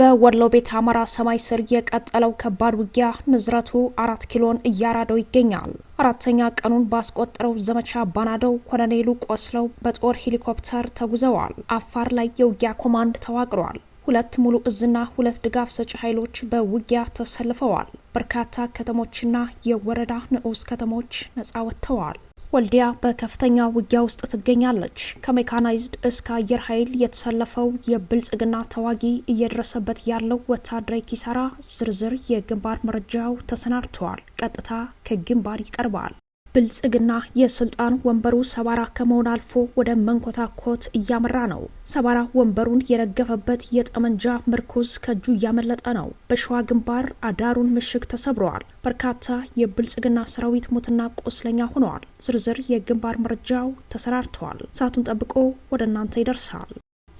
በወሎ ቤት አማራ ሰማይ ስር የቀጠለው ከባድ ውጊያ ንዝረቱ አራት ኪሎን እያራደው ይገኛል። አራተኛ ቀኑን ባስቆጠረው ዘመቻ ባናደው ኮሎኔሉ ቆስለው በጦር ሄሊኮፕተር ተጉዘዋል። አፋር ላይ የውጊያ ኮማንድ ተዋቅሯል። ሁለት ሙሉ እዝና ሁለት ድጋፍ ሰጪ ኃይሎች በውጊያ ተሰልፈዋል። በርካታ ከተሞችና የወረዳ ንዑስ ከተሞች ነጻ ወጥተዋል። ወልዲያ በከፍተኛ ውጊያ ውስጥ ትገኛለች። ከሜካናይዝድ እስከ አየር ኃይል የተሰለፈው የብልጽግና ተዋጊ እየደረሰበት ያለው ወታደራዊ ኪሳራ ዝርዝር የግንባር መረጃው ተሰናድተዋል። ቀጥታ ከግንባር ይቀርባል። ብልጽግና የስልጣን ወንበሩ ሰባራ ከመሆን አልፎ ወደ መንኮታኮት እያመራ ነው። ሰባራ ወንበሩን የረገፈበት የጠመንጃ ምርኩዝ ከእጁ እያመለጠ ነው። በሸዋ ግንባር አዳሩን ምሽግ ተሰብረዋል። በርካታ የብልጽግና ሰራዊት ሞትና ቆስለኛ ሆነዋል። ዝርዝር የግንባር መረጃው ተሰራርተዋል። ሰዓቱን ጠብቆ ወደ እናንተ ይደርሳል።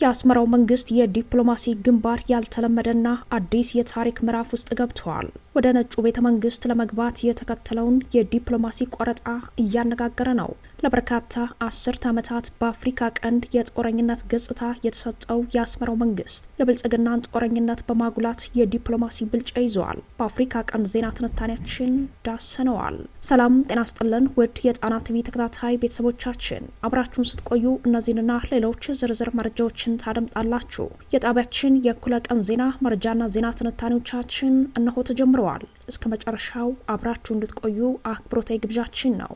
የአስመራው መንግስት የዲፕሎማሲ ግንባር ያልተለመደና አዲስ የታሪክ ምዕራፍ ውስጥ ገብተዋል። ወደ ነጩ ቤተ መንግስት ለመግባት የተከተለውን የዲፕሎማሲ ቆረጣ እያነጋገረ ነው። ለበርካታ አስርት ዓመታት በአፍሪካ ቀንድ የጦረኝነት ገጽታ የተሰጠው የአስመራው መንግስት የብልጽግናን ጦረኝነት በማጉላት የዲፕሎማሲ ብልጫ ይዘዋል። በአፍሪካ ቀንድ ዜና ትንታኔያችን ዳሰነዋል። ሰላም ጤና ስጥልን ውድ የጣና ቲቪ ተከታታይ ቤተሰቦቻችን አብራችሁን ስትቆዩ እነዚህንና ሌሎች ዝርዝር መረጃዎችን ታደምጣላችሁ። የጣቢያችን የእኩለ ቀን ዜና መረጃና ዜና ትንታኔዎቻችን እነሆ ተጀምረዋል። ተካተዋል። እስከ መጨረሻው አብራችሁ እንድትቆዩ አክብሮታዊ ግብዣችን ነው።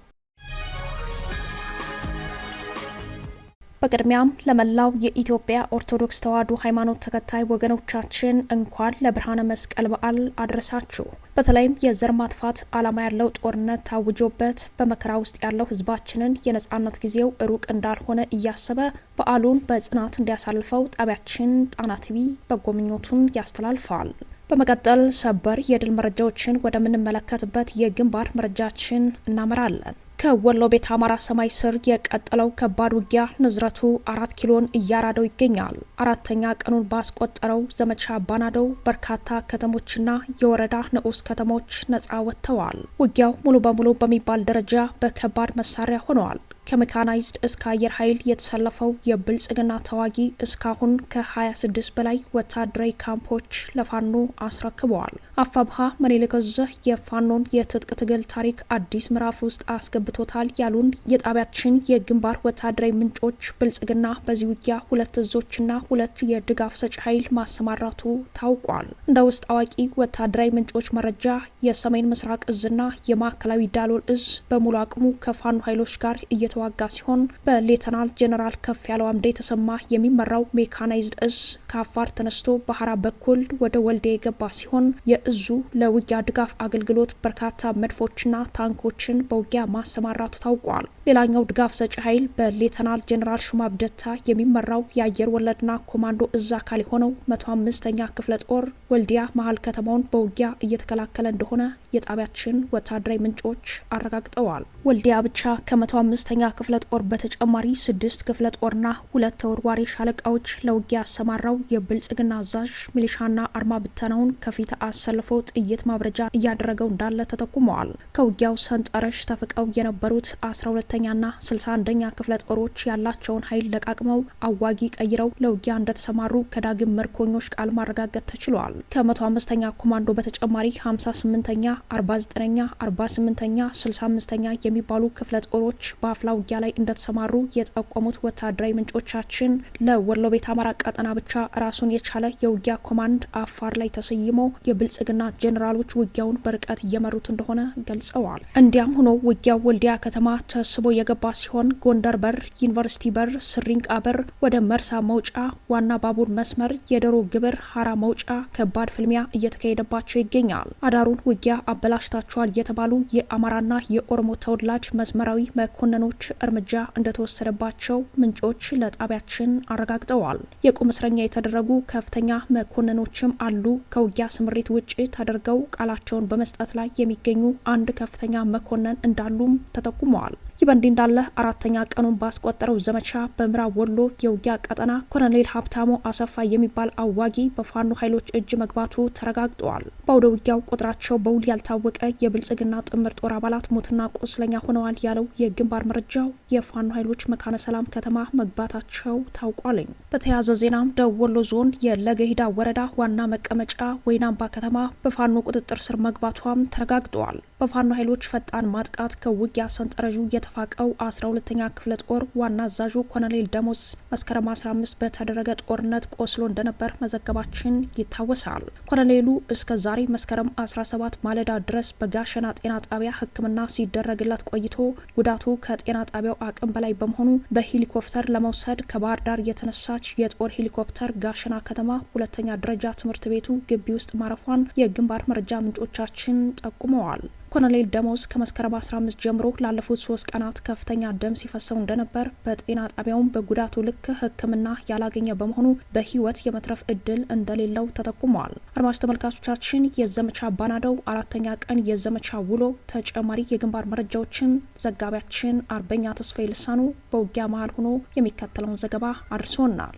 በቅድሚያም ለመላው የኢትዮጵያ ኦርቶዶክስ ተዋሕዶ ሃይማኖት ተከታይ ወገኖቻችን እንኳን ለብርሃነ መስቀል በዓል አድረሳችሁ። በተለይም የዘር ማጥፋት ዓላማ ያለው ጦርነት ታውጆበት በመከራ ውስጥ ያለው ሕዝባችንን የነጻነት ጊዜው ሩቅ እንዳልሆነ እያሰበ በዓሉን በጽናት እንዲያሳልፈው ጣቢያችን ጣና ቲቪ በጎ ምኞቱን ያስተላልፋል። በመቀጠል ሰበር የድል መረጃዎችን ወደምንመለከትበት የግንባር መረጃችን እናመራለን። ከወሎ ቤት አማራ ሰማይ ስር የቀጠለው ከባድ ውጊያ ንዝረቱ አራት ኪሎን እያራደው ይገኛል። አራተኛ ቀኑን ባስቆጠረው ዘመቻ ባናደው በርካታ ከተሞችና የወረዳ ንዑስ ከተሞች ነጻ ወጥተዋል። ውጊያው ሙሉ በሙሉ በሚባል ደረጃ በከባድ መሳሪያ ሆነዋል። ከሜካናይዝድ እስከ አየር ኃይል የተሰለፈው የብልጽግና ተዋጊ እስካሁን ከ26 በላይ ወታደራዊ ካምፖች ለፋኖ አስረክበዋል። አፋብሃ መኔልከዝህ የፋኖን የትጥቅ ትግል ታሪክ አዲስ ምዕራፍ ውስጥ አስገብቶታል ያሉን የጣቢያችን የግንባር ወታደራዊ ምንጮች ብልጽግና በዚህ ውጊያ ሁለት እዞችና ሁለት የድጋፍ ሰጪ ኃይል ማሰማራቱ ታውቋል። እንደ ውስጥ አዋቂ ወታደራዊ ምንጮች መረጃ የሰሜን ምስራቅ እዝና የማዕከላዊ ዳሎል እዝ በሙሉ አቅሙ ከፋኖ ኃይሎች ጋር እየተዋጋ ሲሆን በሌተናል ጄኔራል ከፍ ያለው አምደ የተሰማ የሚመራው ሜካናይዝድ እዝ ከአፋር ተነስቶ ባህራ በኩል ወደ ወልዲያ የገባ ሲሆን እዙ ለውጊያ ድጋፍ አገልግሎት በርካታ መድፎችና ታንኮችን በውጊያ ማሰማራቱ ታውቋል። ሌላኛው ድጋፍ ሰጪ ኃይል በሌተናል ጄኔራል ሹማ ብደታ የሚመራው የአየር ወለድና ኮማንዶ እዝ አካል የሆነው መቶ አምስተኛ ክፍለ ጦር ወልዲያ መሀል ከተማውን በውጊያ እየተከላከለ እንደሆነ የጣቢያችን ወታደራዊ ምንጮች አረጋግጠዋል። ወልዲያ ብቻ ከመቶ አምስተኛ ክፍለ ጦር በተጨማሪ ስድስት ክፍለ ጦርና ሁለት ተወርዋሪ ሻለቃዎች ለውጊያ ያሰማራው የብልጽግና አዛዥ ሚሊሻና አርማ ብተናውን ከፊት አሰላ አሳልፎ ጥይት ማብረጃ እያደረገው እንዳለ ተጠቁመዋል። ከውጊያው ሰንጠረዥ ተፍቀው የነበሩት አስራ ሁለተኛና ስልሳ አንደኛ ክፍለ ጦሮች ያላቸውን ኃይል ለቃቅመው አዋጊ ቀይረው ለውጊያ እንደተሰማሩ ከዳግም ምርኮኞች ቃል ማረጋገጥ ተችሏል። ከመቶ አምስተኛ ኮማንዶ በተጨማሪ ሀምሳ ስምንተኛ አርባ ዘጠነኛ አርባ ስምንተኛ ስልሳ አምስተኛ የሚባሉ ክፍለ ጦሮች በአፍላ ውጊያ ላይ እንደተሰማሩ የጠቆሙት ወታደራዊ ምንጮቻችን ለወሎ ቤት አማራ ቀጠና ብቻ ራሱን የቻለ የውጊያ ኮማንድ አፋር ላይ ተሰይሞ የብልጽ የብልጽግና ጄኔራሎች ውጊያውን በርቀት እየመሩት እንደሆነ ገልጸዋል። እንዲያም ሆኖ ውጊያው ወልዲያ ከተማ ተስቦ የገባ ሲሆን ጎንደር በር፣ ዩኒቨርሲቲ በር፣ ስሪንቃ በር፣ ወደ መርሳ መውጫ፣ ዋና ባቡር መስመር፣ የዶሮ ግብር፣ ሀራ መውጫ ከባድ ፍልሚያ እየተካሄደባቸው ይገኛል። አዳሩን ውጊያ አበላሽታችኋል የተባሉ የአማራና የኦሮሞ ተወላጅ መስመራዊ መኮንኖች እርምጃ እንደተወሰደባቸው ምንጮች ለጣቢያችን አረጋግጠዋል። የቁም እስረኛ የተደረጉ ከፍተኛ መኮንኖችም አሉ። ከውጊያ ስምሪት ውጭ ግጭት አድርገው ቃላቸውን በመስጠት ላይ የሚገኙ አንድ ከፍተኛ መኮንን እንዳሉም ተጠቁመዋል። ይህ በእንዲህ እንዳለ አራተኛ ቀኑን ባስቆጠረው ዘመቻ በምዕራብ ወሎ የውጊያ ቀጠና ኮሎኔል ሀብታሙ አሰፋ የሚባል አዋጊ በፋኖ ኃይሎች እጅ መግባቱ ተረጋግጧል። በአውደ ውጊያው ቁጥራቸው በውል ያልታወቀ የብልጽግና ጥምር ጦር አባላት ሞትና ቁስለኛ ሆነዋል ያለው የግንባር መረጃው የፋኖ ኃይሎች መካነ ሰላም ከተማ መግባታቸው ታውቋለኝ። በተያያዘ ዜናም ደቡብ ወሎ ዞን የለገሂዳ ወረዳ ዋና መቀመጫ ወይናምባ ከተማ በፋኖ ቁጥጥር ስር መግባቷም ተረጋግጧል። በፋኖ ኃይሎች ፈጣን ማጥቃት ከውጊያ ሰንጠረዡ የተፋቀው አስራ ሁለተኛ ክፍለ ጦር ዋና አዛዡ ኮሎኔል ደሞዝ መስከረም 15 በተደረገ ጦርነት ቆስሎ እንደነበር መዘገባችን ይታወሳል። ኮሎኔሉ እስከ ዛሬ መስከረም 17 ማለዳ ድረስ በጋሸና ጤና ጣቢያ ሕክምና ሲደረግላት ቆይቶ ጉዳቱ ከጤና ጣቢያው አቅም በላይ በመሆኑ በሄሊኮፕተር ለመውሰድ ከባህር ዳር የተነሳች የጦር ሄሊኮፕተር ጋሸና ከተማ ሁለተኛ ደረጃ ትምህርት ቤቱ ግቢ ውስጥ ማረፏን የግንባር መረጃ ምንጮቻችን ጠቁመዋል። ኮሎኔል ደሞዝ ከመስከረም 15 ጀምሮ ላለፉት ሶስት ቀናት ከፍተኛ ደም ሲፈሰው እንደነበር በጤና ጣቢያውም በጉዳቱ ልክ ሕክምና ያላገኘ በመሆኑ በህይወት የመትረፍ እድል እንደሌለው ተጠቁመዋል። አድማጭ ተመልካቾቻችን የዘመቻ ባናደው አራተኛ ቀን የዘመቻ ውሎ ተጨማሪ የግንባር መረጃዎችን ዘጋቢያችን አርበኛ ተስፋዬ ልሳኑ በውጊያ መሀል ሆኖ የሚከተለውን ዘገባ አድርሶናል።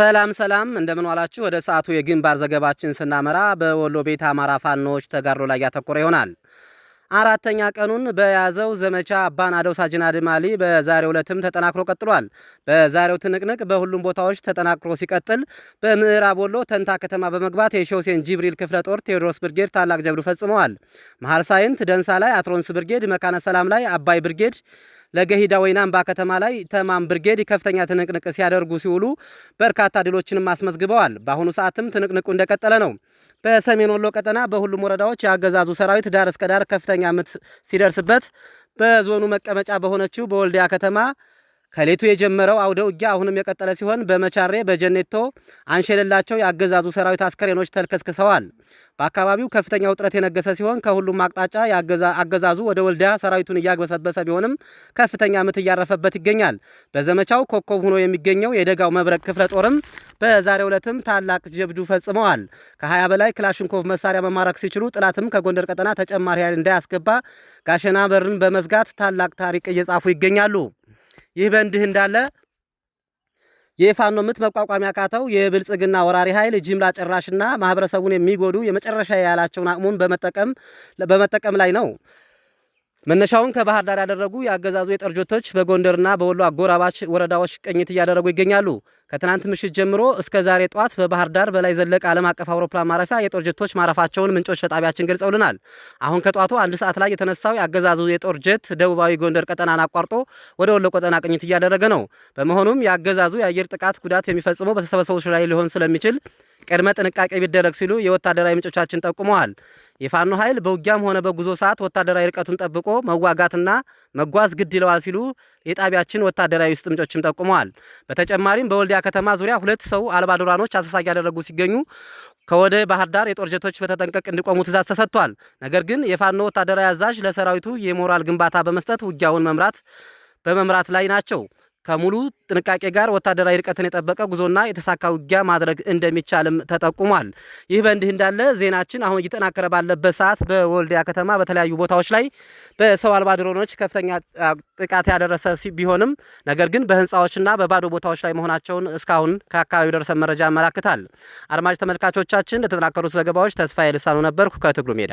ሰላም ሰላም፣ እንደምን ዋላችሁ። ወደ ሰዓቱ የግንባር ዘገባችን ስናመራ በወሎ ቤት አማራ ፋኖዎች ተጋድሎ ላይ ያተኮረ ይሆናል። አራተኛ ቀኑን በያዘው ዘመቻ አደውሳ ጅናድ ማሊ በዛሬው ዕለትም ተጠናክሮ ቀጥሏል። በዛሬው ትንቅንቅ በሁሉም ቦታዎች ተጠናክሮ ሲቀጥል በምዕራብ ወሎ ተንታ ከተማ በመግባት የሾሴን ጅብሪል ክፍለ ጦር ቴዎድሮስ ብርጌድ ታላቅ ጀብዱ ፈጽመዋል። መሀል ሳይንት ደንሳ ላይ አትሮንስ ብርጌድ፣ መካነ ሰላም ላይ አባይ ብርጌድ ለገሂዳ ወይና አምባ ከተማ ላይ ተማም ብርጌድ ከፍተኛ ትንቅንቅ ሲያደርጉ ሲውሉ በርካታ ድሎችንም አስመዝግበዋል። በአሁኑ ሰዓትም ትንቅንቁ እንደቀጠለ ነው። በሰሜን ወሎ ቀጠና በሁሉም ወረዳዎች የአገዛዙ ሰራዊት ዳር እስከ ዳር ከፍተኛ ምት ሲደርስበት በዞኑ መቀመጫ በሆነችው በወልዲያ ከተማ ከሌቱ የጀመረው አውደ ውጊያ አሁንም የቀጠለ ሲሆን በመቻሬ በጀኔቶ አንሸልላቸው የአገዛዙ ሰራዊት አስከሬኖች ተልከስክሰዋል። በአካባቢው ከፍተኛ ውጥረት የነገሰ ሲሆን ከሁሉም አቅጣጫ አገዛዙ ወደ ወልዲያ ሰራዊቱን እያግበሰበሰ ቢሆንም ከፍተኛ ምት እያረፈበት ይገኛል። በዘመቻው ኮከብ ሆኖ የሚገኘው የደጋው መብረቅ ክፍለ ጦርም በዛሬው ዕለትም ታላቅ ጀብዱ ፈጽመዋል። ከ20 በላይ ክላሽንኮቭ መሳሪያ መማረክ ሲችሉ ጥላትም ከጎንደር ቀጠና ተጨማሪ ኃይል እንዳያስገባ ጋሸና በርን በመዝጋት ታላቅ ታሪክ እየጻፉ ይገኛሉ። ይህ በእንዲህ እንዳለ የፋኖ ምት መቋቋሚያ ካተው የብልጽግና ወራሪ ኃይል ጅምላ ጨራሽና ማህበረሰቡን የሚጎዱ የመጨረሻ ያላቸውን አቅሙን በመጠቀም ላይ ነው። መነሻውን ከባህር ዳር ያደረጉ የአገዛዙ የጠርጆቶች በጎንደርና በወሎ አጎራባች ወረዳዎች ቅኝት እያደረጉ ይገኛሉ። ከትናንት ምሽት ጀምሮ እስከ ዛሬ ጠዋት በባህር ዳር በላይ ዘለቀ ዓለም አቀፍ አውሮፕላን ማረፊያ የጦር ጀቶች ማረፋቸውን ምንጮች ለጣቢያችን ገልጸውልናል። አሁን ከጠዋቱ አንድ ሰዓት ላይ የተነሳው የአገዛዙ የጦር ጀት ደቡባዊ ጎንደር ቀጠናን አቋርጦ ወደ ወሎ ቀጠና ቅኝት እያደረገ ነው። በመሆኑም የአገዛዙ የአየር ጥቃት ጉዳት የሚፈጽመው በተሰበሰቡት ላይ ሊሆን ስለሚችል ቅድመ ጥንቃቄ ቢደረግ ሲሉ የወታደራዊ ምንጮቻችን ጠቁመዋል። የፋኖ ኃይል በውጊያም ሆነ በጉዞ ሰዓት ወታደራዊ ርቀቱን ጠብቆ መዋጋትና መጓዝ ግድ ይለዋል ሲሉ የጣቢያችን ወታደራዊ ውስጥ ምንጮችም ጠቁመዋል። በተጨማሪም በወልዲያ ከተማ ዙሪያ ሁለት ሰው አልባ ዶራኖች አሰሳ እያደረጉ ሲገኙ ከወደ ባህር ዳር የጦር ጀቶች በተጠንቀቅ እንዲቆሙ ትእዛዝ ተሰጥቷል። ነገር ግን የፋኖ ወታደራዊ አዛዥ ለሰራዊቱ የሞራል ግንባታ በመስጠት ውጊያውን መምራት በመምራት ላይ ናቸው። ከሙሉ ጥንቃቄ ጋር ወታደራዊ ርቀትን የጠበቀ ጉዞና የተሳካ ውጊያ ማድረግ እንደሚቻልም ተጠቁሟል። ይህ በእንዲህ እንዳለ ዜናችን አሁን እየጠናከረ ባለበት ሰዓት በወልዲያ ከተማ በተለያዩ ቦታዎች ላይ በሰው አልባ ድሮኖች ከፍተኛ ጥቃት ያደረሰ ቢሆንም ነገር ግን በህንፃዎችና በባዶ ቦታዎች ላይ መሆናቸውን እስካሁን ከአካባቢው ደረሰ መረጃ ያመላክታል። አድማጭ ተመልካቾቻችን ለተጠናከሩት ዘገባዎች ተስፋዬ ልሳኑ ነበርኩ ከትግሉ ሜዳ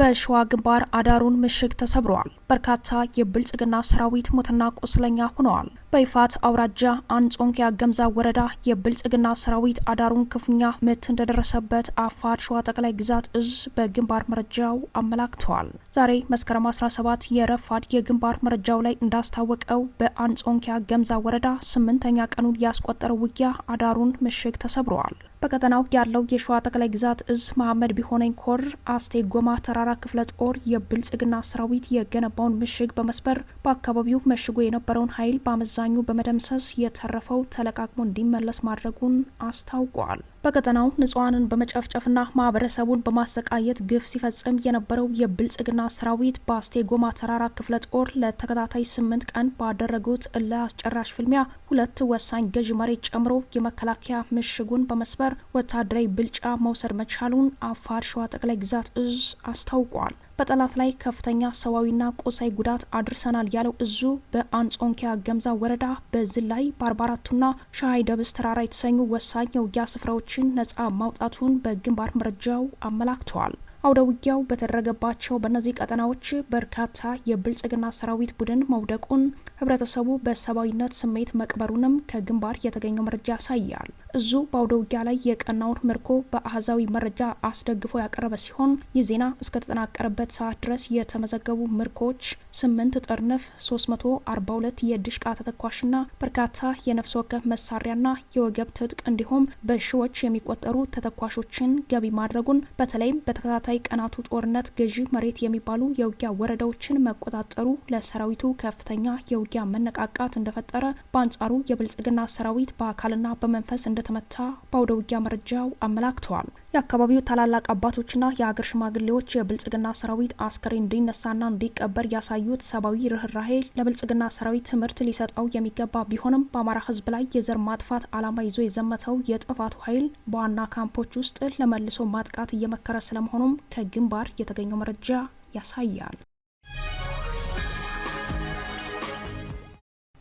በሸዋ ግንባር አዳሩን ምሽግ ተሰብረዋል። በርካታ የብልጽግና ሰራዊት ሞትና ቁስለኛ ሆነዋል። በይፋት አውራጃ አንጾንክ ገምዛ ወረዳ የብልጽግና ሰራዊት አዳሩን ክፉኛ ምት እንደደረሰበት አፋድ ሸዋ ጠቅላይ ግዛት እዝ በግንባር መረጃው አመላክተዋል። ዛሬ መስከረም 17 የረፋድ የግንባር መረጃው ላይ እንዳስታወቀው በአንጾንክ ገምዛ ወረዳ ስምንተኛ ቀኑን ያስቆጠረው ውጊያ አዳሩን ምሽግ ተሰብረዋል። በቀጠናው ያለው የሸዋ ጠቅላይ ግዛት እዝ መሐመድ ቢሆነኝ ኮር አስቴ ጎማ ተራራ ክፍለ ጦር የብልጽግና ሰራዊት የገነባውን ምሽግ በመስበር በአካባቢው መሽጎ የነበረውን ኃይል በአመዛኙ በመደምሰስ የተረፈው ተለቃቅሞ እንዲመለስ ማድረጉን አስታውቋል። በቀጠናው ንጹሐንን በመጨፍጨፍና ማህበረሰቡን በማሰቃየት ግፍ ሲፈጽም የነበረው የብልጽግና ሰራዊት በአስቴ ጎማ ተራራ ክፍለ ጦር ለተከታታይ ስምንት ቀን ባደረጉት እልህ አስጨራሽ ፍልሚያ ሁለት ወሳኝ ገዢ መሬት ጨምሮ የመከላከያ ምሽጉን በመስበር ወታደራዊ ብልጫ መውሰድ መቻሉን አፋር ሸዋ ጠቅላይ ግዛት እዝ አስታውቋል። በጠላት ላይ ከፍተኛ ሰብአዊና ቁሳዊ ጉዳት አድርሰናል ያለው እዙ በአንጾንኪያ ገምዛ ወረዳ በዝላይ በአርባአራቱና ሻሀይ ደብስ ተራራ የተሰኙ ወሳኝ የውጊያ ስፍራዎችን ነጻ ማውጣቱን በግንባር መረጃው አመላክተዋል። አውደ ውጊያው በተደረገባቸው በእነዚህ ቀጠናዎች በርካታ የብልጽግና ሰራዊት ቡድን መውደቁን ህብረተሰቡ በሰብአዊነት ስሜት መቅበሩንም ከግንባር የተገኘው መረጃ ያሳያል። እዙ በአውደ ውጊያ ላይ የቀናውን ምርኮ በአህዛዊ መረጃ አስደግፎ ያቀረበ ሲሆን ይህ ዜና እስከተጠናቀረበት ሰዓት ድረስ የተመዘገቡ ምርኮች ስምንት ጥርንፍ 342 የድሽቃ ተተኳሽና በርካታ የነፍስ ወከፍ መሳሪያና የወገብ ትጥቅ እንዲሁም በሺዎች የሚቆጠሩ ተተኳሾችን ገቢ ማድረጉን በተለይም በተከታተ በተከታታይ ቀናቱ ጦርነት ገዢ መሬት የሚባሉ የውጊያ ወረዳዎችን መቆጣጠሩ ለሰራዊቱ ከፍተኛ የውጊያ መነቃቃት እንደፈጠረ፣ በአንጻሩ የብልጽግና ሰራዊት በአካልና በመንፈስ እንደተመታ በአውደ ውጊያ መረጃው አመላክተዋል። የአካባቢው ታላላቅ አባቶችና የአገር ሽማግሌዎች የብልጽግና ሰራዊት አስከሬን እንዲነሳና እንዲቀበር ያሳዩት ሰብአዊ ርኅራሄ ለብልጽግና ሰራዊት ትምህርት ሊሰጠው የሚገባ ቢሆንም በአማራ ሕዝብ ላይ የዘር ማጥፋት ዓላማ ይዞ የዘመተው የጥፋቱ ኃይል በዋና ካምፖች ውስጥ ለመልሶ ማጥቃት እየመከረ ስለመሆኑም ከግንባር የተገኘው መረጃ ያሳያል።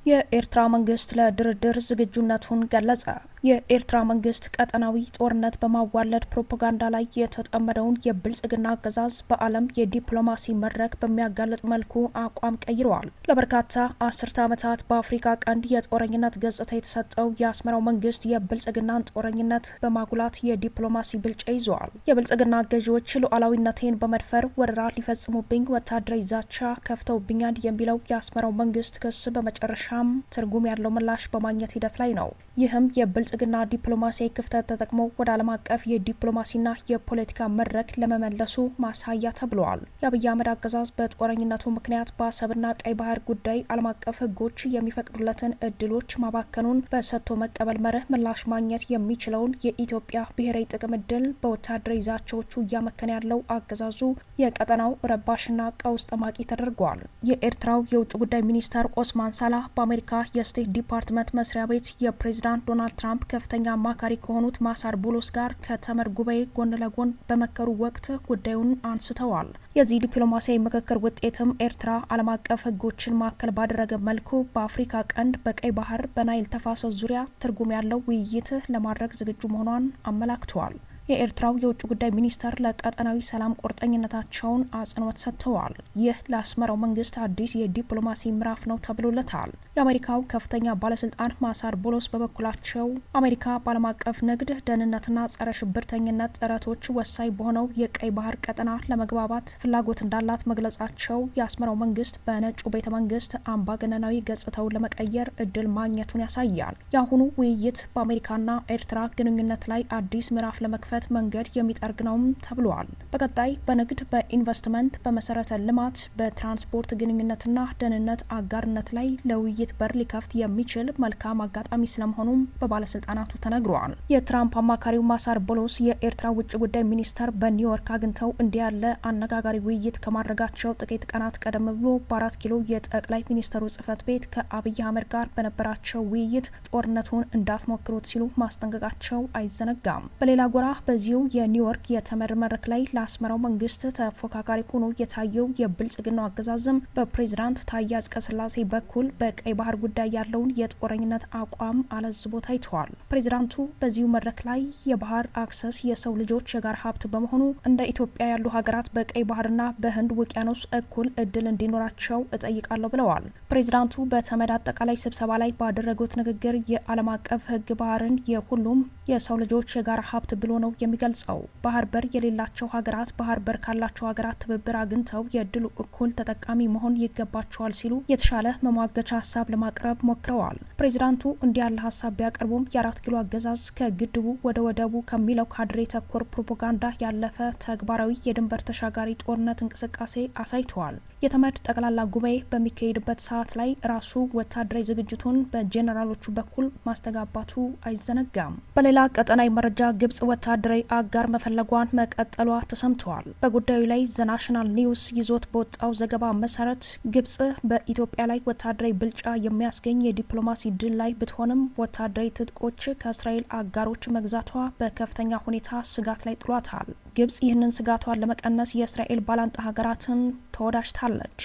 የኤርትራ መንግስት ለድርድር ዝግጁነቱን ገለጸ። የኤርትራ መንግስት ቀጠናዊ ጦርነት በማዋለድ ፕሮፓጋንዳ ላይ የተጠመደውን የብልጽግና አገዛዝ በዓለም የዲፕሎማሲ መድረክ በሚያጋልጥ መልኩ አቋም ቀይረዋል። ለበርካታ አስርተ ዓመታት በአፍሪካ ቀንድ የጦረኝነት ገጽታ የተሰጠው የአስመራው መንግስት የብልጽግናን ጦረኝነት በማጉላት የዲፕሎማሲ ብልጫ ይዘዋል። የብልጽግና ገዢዎች ሉዓላዊነቴን በመድፈር ወረራ ሊፈጽሙብኝ ወታደራዊ ዛቻ ከፍተውብኛል የሚለው የአስመራው መንግስት ክስ በመጨረሻም ትርጉም ያለው ምላሽ በማግኘት ሂደት ላይ ነው። ይህም የብልጽ የብልጽግና ዲፕሎማሲያዊ ክፍተት ተጠቅሞ ወደ ዓለም አቀፍ የዲፕሎማሲና የፖለቲካ መድረክ ለመመለሱ ማሳያ ተብለዋል። የአብይ አህመድ አገዛዝ በጦረኝነቱ ምክንያት በአሰብና ቀይ ባህር ጉዳይ ዓለም አቀፍ ህጎች የሚፈቅዱለትን እድሎች ማባከኑን በሰጥቶ መቀበል መርህ ምላሽ ማግኘት የሚችለውን የኢትዮጵያ ብሔራዊ ጥቅም እድል በወታደራዊ ዛቻዎቹ እያመከነ ያለው አገዛዙ የቀጠናው ረባሽና ቀውስ ጠማቂ ተደርጓል። የኤርትራው የውጭ ጉዳይ ሚኒስተር ኦስማን ሳላ በአሜሪካ የስቴት ዲፓርትመንት መስሪያ ቤት የፕሬዚዳንት ዶናልድ ትራምፕ ትራምፕ ከፍተኛ አማካሪ ከሆኑት ማሳር ቡሎስ ጋር ከተመድ ጉባኤ ጎን ለጎን በመከሩ ወቅት ጉዳዩን አንስተዋል። የዚህ ዲፕሎማሲያዊ ምክክር ውጤትም ኤርትራ ዓለም አቀፍ ሕጎችን ማዕከል ባደረገ መልኩ በአፍሪካ ቀንድ፣ በቀይ ባህር፣ በናይል ተፋሰስ ዙሪያ ትርጉም ያለው ውይይት ለማድረግ ዝግጁ መሆኗን አመላክተዋል። የኤርትራው የውጭ ጉዳይ ሚኒስተር ለቀጠናዊ ሰላም ቁርጠኝነታቸውን አጽንኦት ሰጥተዋል። ይህ ለአስመራው መንግስት አዲስ የዲፕሎማሲ ምዕራፍ ነው ተብሎለታል። የአሜሪካው ከፍተኛ ባለስልጣን ማሳር ቦሎስ በበኩላቸው አሜሪካ በዓለም አቀፍ ንግድ፣ ደህንነትና ጸረ ሽብርተኝነት ጥረቶች ወሳኝ በሆነው የቀይ ባህር ቀጠና ለመግባባት ፍላጎት እንዳላት መግለጻቸው የአስመራው መንግስት በነጩ ቤተ መንግስት አምባገነናዊ ገጽታውን ለመቀየር እድል ማግኘቱን ያሳያል። የአሁኑ ውይይት በአሜሪካና ኤርትራ ግንኙነት ላይ አዲስ ምዕራፍ ለመክፈል የእድገት መንገድ የሚጠርግ ነውም ተብሏል። በቀጣይ በንግድ፣ በኢንቨስትመንት፣ በመሰረተ ልማት፣ በትራንስፖርት ግንኙነትና ደህንነት አጋርነት ላይ ለውይይት በር ሊከፍት የሚችል መልካም አጋጣሚ ስለመሆኑም በባለስልጣናቱ ተነግረዋል። የትራምፕ አማካሪው ማሳር ቦሎስ የኤርትራ ውጭ ጉዳይ ሚኒስተር በኒውዮርክ አግኝተው እንዲህ ያለ አነጋጋሪ ውይይት ከማድረጋቸው ጥቂት ቀናት ቀደም ብሎ በአራት ኪሎ የጠቅላይ ሚኒስተሩ ጽህፈት ቤት ከአብይ አህመድ ጋር በነበራቸው ውይይት ጦርነቱን እንዳትሞክሩት ሲሉ ማስጠንቀቃቸው አይዘነጋም። በሌላ ጎራ በዚሁ የኒውዮርክ የተመድ መድረክ ላይ ለአስመራው መንግስት ተፎካካሪ ሆኖ የታየው የብልጽግናው አገዛዝም በፕሬዚዳንት ታዬ አጽቀሥላሴ በኩል በቀይ ባህር ጉዳይ ያለውን የጦረኝነት አቋም አለዝቦ ታይተዋል። ፕሬዚዳንቱ በዚሁ መድረክ ላይ የባህር አክሰስ የሰው ልጆች የጋራ ሀብት በመሆኑ እንደ ኢትዮጵያ ያሉ ሀገራት በቀይ ባህርና በህንድ ውቅያኖስ እኩል እድል እንዲኖራቸው እጠይቃለሁ ብለዋል። ፕሬዚዳንቱ በተመድ አጠቃላይ ስብሰባ ላይ ባደረጉት ንግግር የዓለም አቀፍ ህግ ባህርን የሁሉም የሰው ልጆች የጋራ ሀብት ብሎ ነው የሚገልጸው ባህር በር የሌላቸው ሀገራት ባህር በር ካላቸው ሀገራት ትብብር አግኝተው የድሉ እኩል ተጠቃሚ መሆን ይገባቸዋል ሲሉ የተሻለ መሟገቻ ሀሳብ ለማቅረብ ሞክረዋል። ፕሬዚዳንቱ እንዲህ ያለ ሀሳብ ቢያቀርቡም የአራት ኪሎ አገዛዝ ከግድቡ ወደ ወደቡ ከሚለው ካድሬ ተኮር ፕሮፓጋንዳ ያለፈ ተግባራዊ የድንበር ተሻጋሪ ጦርነት እንቅስቃሴ አሳይተዋል። የተመድ ጠቅላላ ጉባኤ በሚካሄድበት ሰዓት ላይ ራሱ ወታደራዊ ዝግጅቱን በጄኔራሎቹ በኩል ማስተጋባቱ አይዘነጋም። በሌላ ቀጠናዊ መረጃ ግብጽ ወታደራዊ አጋር መፈለጓን መቀጠሏ ተሰምተዋል። በጉዳዩ ላይ ዘናሽናል ኒውስ ይዞት በወጣው ዘገባ መሰረት ግብጽ በኢትዮጵያ ላይ ወታደራዊ ብልጫ የሚያስገኝ የዲፕሎማሲ ድል ላይ ብትሆንም ወታደራዊ ትጥቆች ከእስራኤል አጋሮች መግዛቷ በከፍተኛ ሁኔታ ስጋት ላይ ጥሏታል። ግብጽ ይህንን ስጋቷን ለመቀነስ የእስራኤል ባላንጣ ሀገራትን ተወዳጅታለች።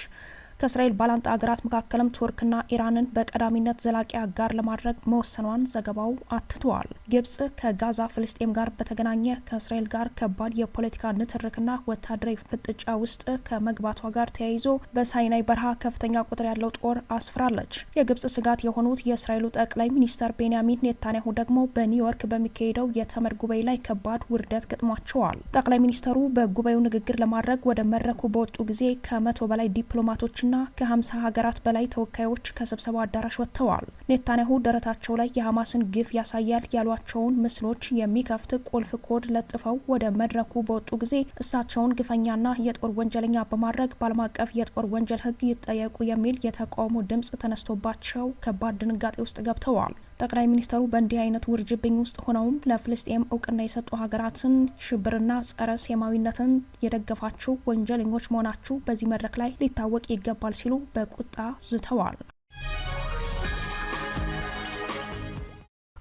ከእስራኤል ባላንጣ ሀገራት መካከልም ቱርክና ኢራንን በቀዳሚነት ዘላቂ አጋር ለማድረግ መወሰኗን ዘገባው አትተዋል። ግብጽ ከጋዛ ፍልስጤም ጋር በተገናኘ ከእስራኤል ጋር ከባድ የፖለቲካ ንትርክና ወታደራዊ ፍጥጫ ውስጥ ከመግባቷ ጋር ተያይዞ በሳይናይ በረሃ ከፍተኛ ቁጥር ያለው ጦር አስፍራለች። የግብጽ ስጋት የሆኑት የእስራኤሉ ጠቅላይ ሚኒስተር ቤንያሚን ኔታንያሁ ደግሞ በኒውዮርክ በሚካሄደው የተመድ ጉባኤ ላይ ከባድ ውርደት ገጥሟቸዋል። ጠቅላይ ሚኒስተሩ በጉባኤው ንግግር ለማድረግ ወደ መድረኩ በወጡ ጊዜ ከመቶ በላይ ዲፕሎማቶች ተወካዮችና ከ50 ሀገራት በላይ ተወካዮች ከስብሰባው አዳራሽ ወጥተዋል። ኔታንያሁ ደረታቸው ላይ የሐማስን ግፍ ያሳያል ያሏቸውን ምስሎች የሚከፍት ቁልፍ ኮድ ለጥፈው ወደ መድረኩ በወጡ ጊዜ እሳቸውን ግፈኛና የጦር ወንጀለኛ በማድረግ በዓለም አቀፍ የጦር ወንጀል ሕግ ይጠየቁ የሚል የተቃውሞ ድምጽ ተነስቶባቸው ከባድ ድንጋጤ ውስጥ ገብተዋል። ጠቅላይ ሚኒስተሩ በእንዲህ አይነት ውርጅብኝ ውስጥ ሆነውም ለፍልስጤም እውቅና የሰጡ ሀገራትን ሽብርና ጸረ ሴማዊነትን የደገፋችሁ ወንጀለኞች መሆናችሁ በዚህ መድረክ ላይ ሊታወቅ ይገባል ሲሉ በቁጣ ዝተዋል።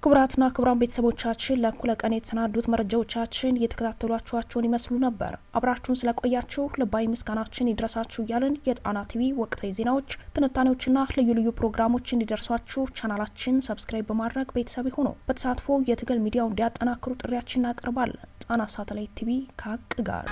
ክቡራትና ክቡራን ቤተሰቦቻችን ለእኩለ ቀን የተሰናዱት መረጃዎቻችን እየተከታተሏችኋቸውን ይመስሉ ነበር። አብራችሁን ስለቆያችሁ ልባዊ ምስጋናችን ይድረሳችሁ እያልን የጣና ቲቪ ወቅታዊ ዜናዎች፣ ትንታኔዎችና ልዩ ልዩ ፕሮግራሞች እንዲደርሷችሁ ቻናላችን ሰብስክራይብ በማድረግ ቤተሰብ ሆኖ በተሳትፎ የትግል ሚዲያውን እንዲያጠናክሩ ጥሪያችን እናቀርባለን። ጣና ሳተላይት ቲቪ ከሀቅ ጋር